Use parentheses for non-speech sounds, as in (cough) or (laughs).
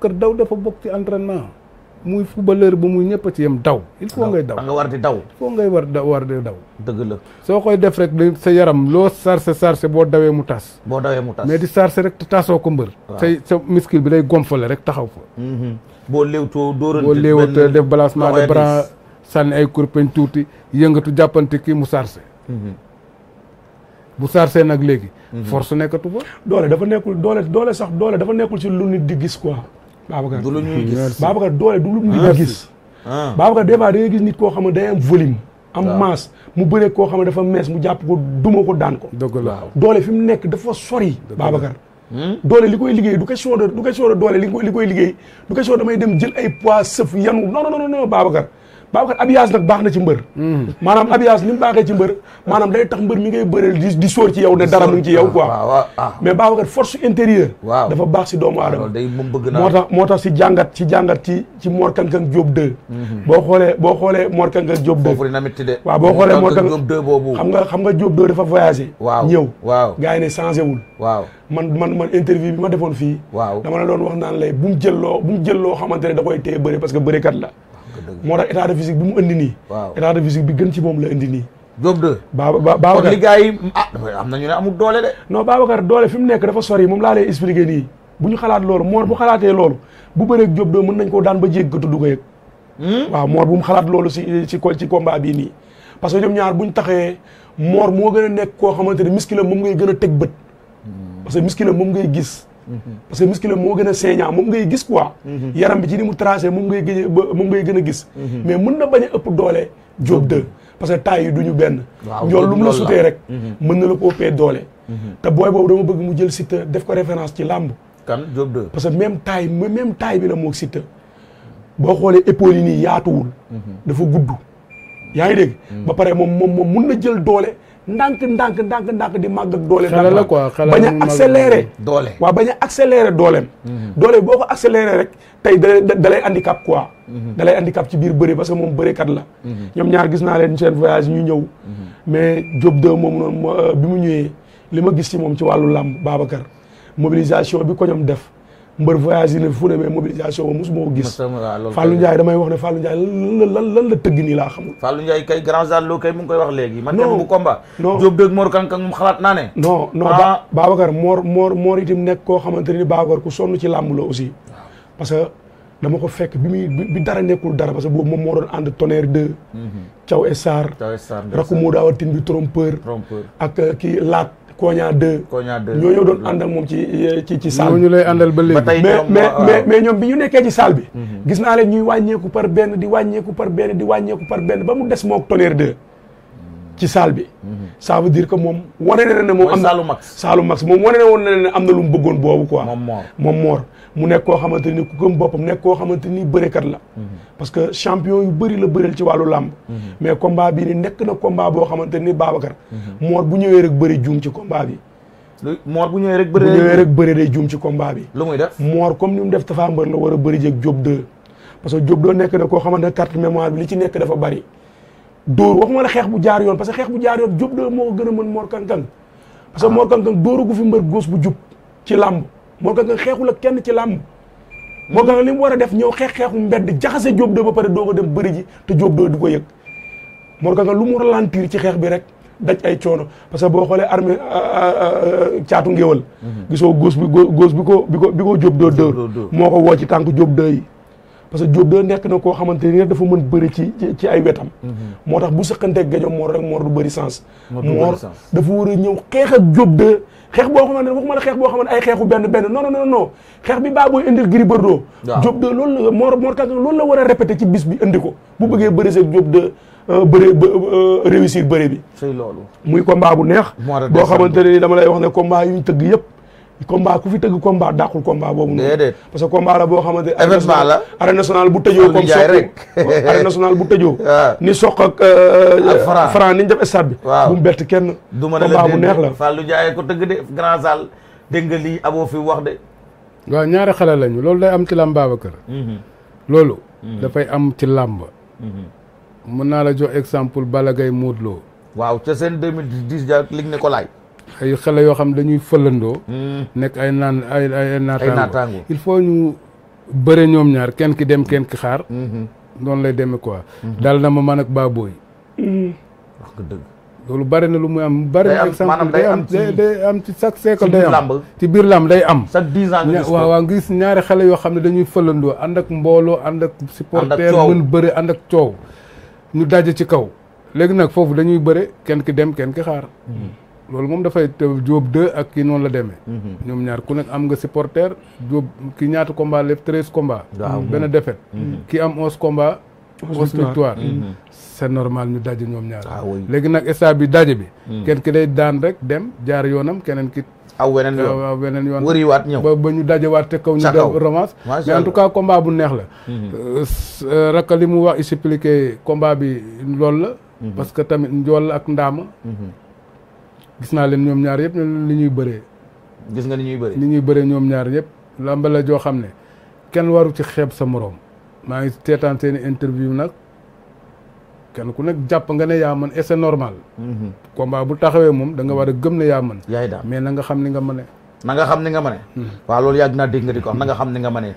kër hmm. daw dafa bokk ci entraînement muy footballeur bu muy ñëpp a ci yem daw. il faut ngay daw nga war di daw. il faut ngay war da war di daw. dëgg la soo koy def rek sa yaram loo sarse sarse boo dawee mu tas. boo dawee mu tas mais di sarse rek te tasoo ko mbër. say sa muscle bi day gomfale rek taxaw fa. Mm-hmm. boo léewtoo dóorante boo léewtoo def balancement de bras sànni ay kurpeñ tuuti yëngatu jàppante kii mu sarse. Mm-hmm. bu sarsee nag léegi. Mhm. force nekkatu fa. doole dafa nekkul doole doole sax doole dafa nekkul ci lu nit di gis ko Babacar du lu ñuy gis Babacar doole du lu nit di gis. Ah. Babacar des fois da ngay gis nit koo xam ne day am volume. am masse mu bëree koo xam dafa mees mu jàpp ko duma ko daan ko. dëgg la doole fi mu nekk dafa sori. Babacar. Hmm? doole li koy liggéey du question de du question de doole li li koy liggéey du question damay dem jël ay poids sëf yanu non non non non Babacar abiyage nag baax na ci mbër hmm. maanaam abiyage ni mu baaxee ci mbër maanaam day tax mbër mi ngay bëreel di di sóor ci yow ne dara mu ngi ci yow quoi mais Babacar force intérieure waaw dafa baax si doomu aadama moo tax moo tax si jàngat si jàngat ci ci Mor Kankang Diop 2 hmm. boo xoolee boo xoolee Mor Kankang Diop 2 waaw boo xoolee Mor Kankang Diop 2 boobu xam nga xam nga Diop 2 dafa voyagé waaw ñëw waaw gars ne changé wul waaw man man man interview bi ma defoon fii waaw dama la doon wax naan lay bu mu jël loo bu mu jël loo xamante ne da koy téye bëri parce que kat la moo tax état de bi mu indi nii. waaw état de physique bi gën ci moom la indi nii. Diop 2. Baba Babacar kon liggéey ah, am na ñu ne amul doole de. non Babacar doole fi mu nekk dafa sori moom laa lay expliquer nii bu ñu xalaat loolu moor bu xalaatee lool bu bëree Diop 2 mën nañ ko daan ba jéggatu du ko yëg. moor hmm? bu mu xalaat loolu si ci ci combat bii nii. parce que ñoom ñaar bu ñu taxee moor moo gën a nekk koo xamante ne miski la moom ngay gën a teg bët. Hmm. parce que miski la moom ngay gis. parce que muscle moo gën a saignant moom ngay gis quoi. yaram bi ci ni mu tracé moom ngay gën gën a gis. mais mën na bañ ëpp doole Diop 2 parce que taay yi du ñu benn. waaw njool lu mu la sutee rek. Mhm. mën na la ko ëppee doole. te booy boobu dama bëgg mu jël Siteu def ko référence ci làmb. kan Diop parce que même taay même taay bi la moog Siteu boo xoolee épaules yi nii yaatuwul. Mhm. dafa gudd. yaa ngi dégg. Mhm. ba pare moom moom moom mun na jël doole. ndànk ndànk ndànk ndànk di màgg ak dooleem. xelal la quoi xelal bañ a accéléré. doole waaw bañ a accéléré dooleem. Mhm. doole boo ko accéléré rek tey da da lay handicap quoi. Mhm. da lay handicap ci biir bëri parce que moom bërekat la. Mhm. ñoom ñaar gis naa leen seen voyage ñu ñëw. mais Diop 2 moom noonu euh, bi mu ñëwee li ma gis si moom ci wàllu làmb Babacar mobilisation bi ko ñoom def. mbër voyagé na fu ne mais mobilisation moom mosuma ko gis. Fallou Ndiaye damay wax ne Fallou Ndiaye lan lan la tëgg nii laa xamul. Fallou Ndiaye kay grand zallo kay mu ngi koy wax léegi. man dem bu combat. non Diop dëgg Mor naa ne. non non Ba ah. Babacar Mor Mor nekk koo xamante ni Babacar ku sonn ci làmb la aussi. parce que dama ko fekk bi muy bi dara nekkul dara parce que boobu moom moo doon ànd tonnerre 2. Mhm. Thiaw Essar. Thiaw Essar rakku Modou Awa Tine bi trompeur. trompeur ak euh, Laat. kooña 2. Koña ñoo ñëw doon ànd ak moom ci ci ci salle bi. ñu lay àndal ba léegi mais mais mais ñoom bi ñu nekkee ci saal bi. Mhm. gis naa leen ñuy wàññeeku par benn di wàññeeku par benn di wàññeeku par benn ba mu des mook Tonnerre 2. ci saal bi. saabu mhm. veut dire moom wane na ne moom. am na saalu max saalu max moom wane na woon ne am na lu mu bëggoon boobu quoi. moom moor moom moor mu nekk koo xamante ni ku gëm boppam nekk koo xamante ni kat la. Mhm. parce que champion yu bëri la bëreel ci wàllu làmb. Mhm. mais combat bii ni nekk na combat boo xamante ni Babacar. moor bu ñëwee rek bëri juum ci combat bi. moor bu ñëwee rek bëri bu ñëwee rek bëri day juum ci combat bi. lu muy def moor comme ni mu def Tapha Mbeur la war a bëri jég Diop 2. que Diop 2 nekk na koo xamante ne carte mémoire bi li ci nekk dafa bari dóor waxuma la xeex bu jaar yoon parce que xeex bu jaar yoon jub de moo ko gën a mën moor Kang Kang parce que ah. Mor Kang Kang gu fi mbër góos bu jub ci làmb Mor Kang Kang xeexul ak kenn ci làmb Mor Kang hmm. Kang li mu war a def ñëw xeex xeexu mbedd jaxase jub de ba pare doo ko dem bëri ji te jub du ko yëg Mor Kang Kang lu mu ralentir ci xeex bi rek daj ay coono parce que boo xoolee armée euh, euh, euh, caatu ngéwal hmm. gisoo goos bi góos bi ko bi ko bi ko jub de moo ko woo ci tànk jub de yi parce que Diop da nekk na koo xamante ni dafa mën bëri ci ci ay wetam. Mm-hmm. moo tax bu sëqanteeg gaño Mor rek Mor du bëri sens. Mor dafa war a ñëw xeex ak Diop de xeex boo xamante ne waxuma la xeex boo xamante ay xeexu benn benn non non non xeex baa booy indil Gris Bordeaux. waaw Diop de loolu la Mor Mor Kang loolu la war a répété ci bis bi indi ko bu bëggee bëri seeg Diop de. Euh, bëre euh, réussir bëre bi. muy combat bu neex. boo xamante ne ni dama lay wax ne combat yu ñu tëgg yëpp. combat ku fi tëgg combat dàqul combat boobu. déedéet parce que combat la boo xamante ne. événement la arène nationale bu tëjoo. comme soq rek bu tëjoo. (laughs) Ah. ni soq ak. Euh, ak euh, Franc ni ñu def bu mu bett kenn. du ma ne bu neex la Fallou Ndiaye ko tëgg de grand salle dégg nga lii aboo fi wax de. waaw ñaari xale lañu loolu day am ci làmb Babacar. Mhm. loolu. Mhm. dafay am ci làmb. Mhm. mën naa la jox exemple Balla Gaye Modou Lo. waaw seen 2010 ja lig ne ay xale yoo xam dañuy fëlandoo. Hmm. nekk ay naan ay ay il faut ñu bëre ñoom ñaar kenn ki dem kenn ki xaar. Hmm. noonu lay demee quoi. Hmm. dal na ma man ak baabooy. wax bari na lu muy am. bari na exemple am day am ci chaque siècle day ci biir làmb day am. chaque dix ans nga ñaari xale yoo xam ne dañuy fëlandoo ànd ak mbooloo ànd ak. supporter mën bëre ànd ak coow. ñu daje ci kaw léegi nag foofu dañuy bëre kenn ki dem kenn ki xaar. loolu moom dafay Diop 2 ak kii noonu la demee. Mhm. ñoom ñaar ku nekk am nga supporter Diop ki ñaata combat lépp treize combat mhm. benn défaite. Mhm. ki am onze combat onze victoire c'est normal ñu daje ñoom ñaar. Ah léegi nag stade bi daje bi. kenn ki day daan rek dem jaar yoonam keneen ki. aw weneen yoon aw weneen yoon wëriwaat ñëw ba ñu dajewaat te kaw ñu def romance en tout cas combat bu neex la euh, euh, rakka li mu wax expliqué combat bi loolu la parce que tamit njool ak ndaama gis naa leen ñoom ñaar yëpp ñoom li ñuy bëree. gis nga ni ñuy bëree. ni ñuy bëree ñoom ñaar yëpp làmb la joo xam ne kenn waru ci xeeb sa moroom maa ngi teetaan seeni interview nag kenn ku nekk jàpp nga ne yaa mën et c'est normal. Mhm. combat bu taxawee moom danga war a gëm ne yaa mën. yaay daal mais na nga xam ni nga mëne. na nga xam ni nga mëne. Mhm. waaw loolu yàgg naa dégg nga di ko wax nga xam ni nga mëne.